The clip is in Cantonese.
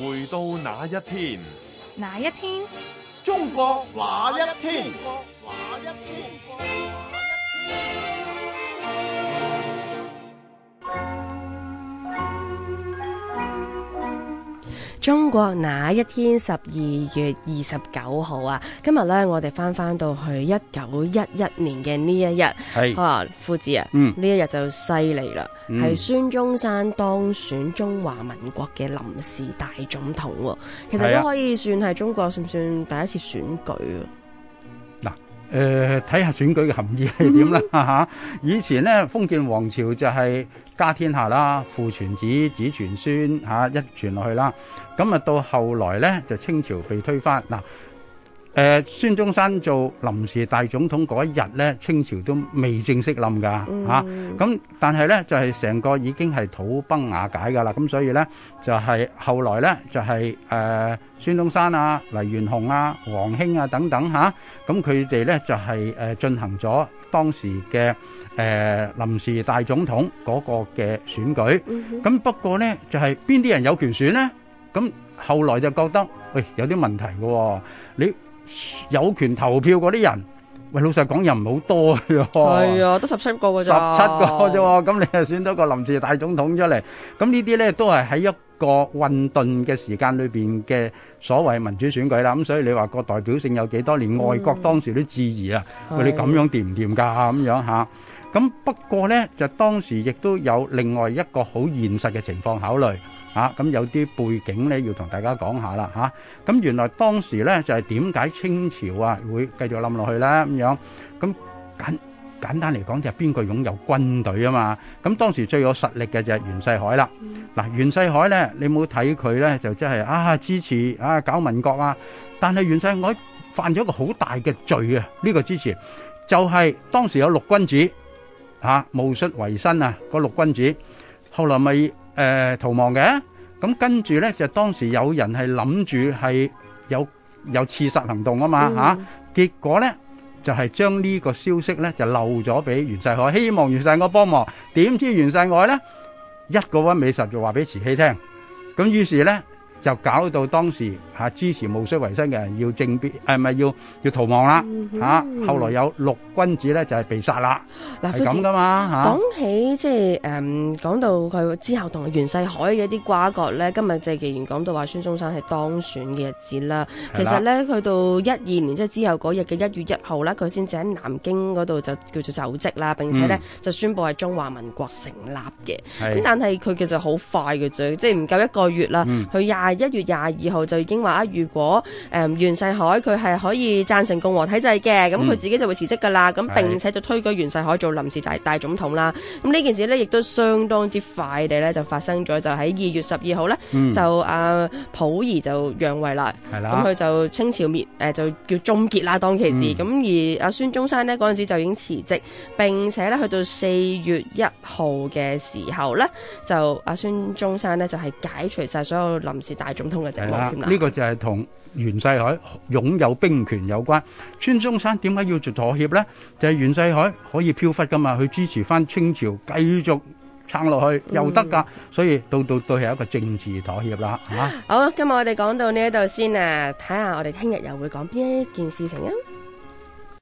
回到那一天，那一天，中國那一天。中國那一天，十二月二十九號啊，今日咧我哋翻翻到去一九一一年嘅呢一日，啊，夫子啊，呢、嗯、一日就犀利啦，係、嗯、孫中山當選中華民國嘅臨時大總統、啊，其實都可以算係中國、啊、算唔算第一次選舉、啊誒、呃，睇下選舉嘅含義係點啦嚇！以前咧封建王朝就係家天下啦，父傳子，子傳孫，嚇、啊、一傳落去啦。咁啊到後來咧就清朝被推翻嗱。誒，孫中山做臨時大總統嗰一日咧，清朝都未正式冧噶吓，咁但係咧就係成個已經係土崩瓦解噶啦，咁所以咧就係後來咧就係誒孫中山啊、黎元洪啊、黃興啊等等吓，咁佢哋咧就係誒進行咗當時嘅誒臨時大總統嗰個嘅選舉，咁不過咧就係邊啲人有權選咧？咁後來就覺得喂，有啲問題嘅，你。有權投票嗰啲人，喂老實講又唔係好多嘅。係啊，得十七個嘅咋，十七個啫，咁你又選咗個臨時大總統出嚟，咁呢啲咧都係喺一。個混沌嘅時間裏邊嘅所謂民主選舉啦，咁所以你話個代表性有幾多？連外國當時都質疑啊，佢哋咁樣掂唔掂㗎咁樣嚇。咁不過咧，就當時亦都有另外一個好現實嘅情況考慮嚇。咁有啲背景咧要同大家講下啦嚇。咁原來當時咧就係點解清朝啊會繼續冧落去咧咁樣？咁緊。簡單嚟講就係邊個擁有軍隊啊嘛？咁當時最有實力嘅就係袁世凱啦。嗱，袁世凱咧，你冇睇佢咧就即係啊支持啊搞民國啊，但係袁世凱犯咗一個好大嘅罪啊！呢個支持就係當時有六君子嚇，戊戌維新啊，個六君子後來咪誒逃亡嘅，咁跟住咧就當時有人係諗住係有有刺殺行動啊嘛嚇，結果咧。就係將呢個消息咧，就漏咗俾袁世凱，希望袁世凱幫忙。點知袁世凱咧，一個屈尾十就話俾慈禧聽，咁於是咧。就搞到當時嚇支持戊戌維新嘅人要政變，係、啊、咪要要逃亡啦？吓、嗯啊，後來有六君子咧就係、是、被殺啦。係咁噶嘛嚇！講起、啊、即係誒講到佢之後同袁世凱嘅一啲瓜葛咧，今日即係既然講到話孫中山係當選嘅日子啦，其實咧去到一二年即係、就是、之後嗰日嘅一月一號咧，佢先至喺南京嗰度就叫做就職啦，並且咧、嗯、就宣布係中華民國成立嘅。咁但係佢其實好快嘅啫，即係唔夠一個月啦，佢、嗯、廿。一月廿二號就已經話啊，如果誒、嗯、袁世凱佢係可以贊成共和體制嘅，咁佢自己就會辭職噶啦，咁、嗯、並且就推舉袁世凱做臨時大大總統啦。咁呢件事呢，亦都相當之快地咧就發生咗，就喺二月十二號呢，嗯、就阿、啊、溥儀就讓位啦，咁佢就清朝滅誒、呃、就叫終結啦當其時。咁、嗯、而阿、啊、孫中山呢，嗰陣時就已經辭職，並且呢，去到四月一號嘅時候呢，就阿、啊、孫中山呢，就係、是、解除晒所有臨時大總統嘅席位呢個就係同袁世凱擁有兵權有關。孫中山點解要做妥協呢？就係、是、袁世凱可以漂忽噶嘛，去支持翻清朝繼續撐落去又得噶，所以到到對係一個政治妥協啦嚇。好，今日我哋講到呢一度先啊，睇下我哋聽日又會講邊一件事情啊。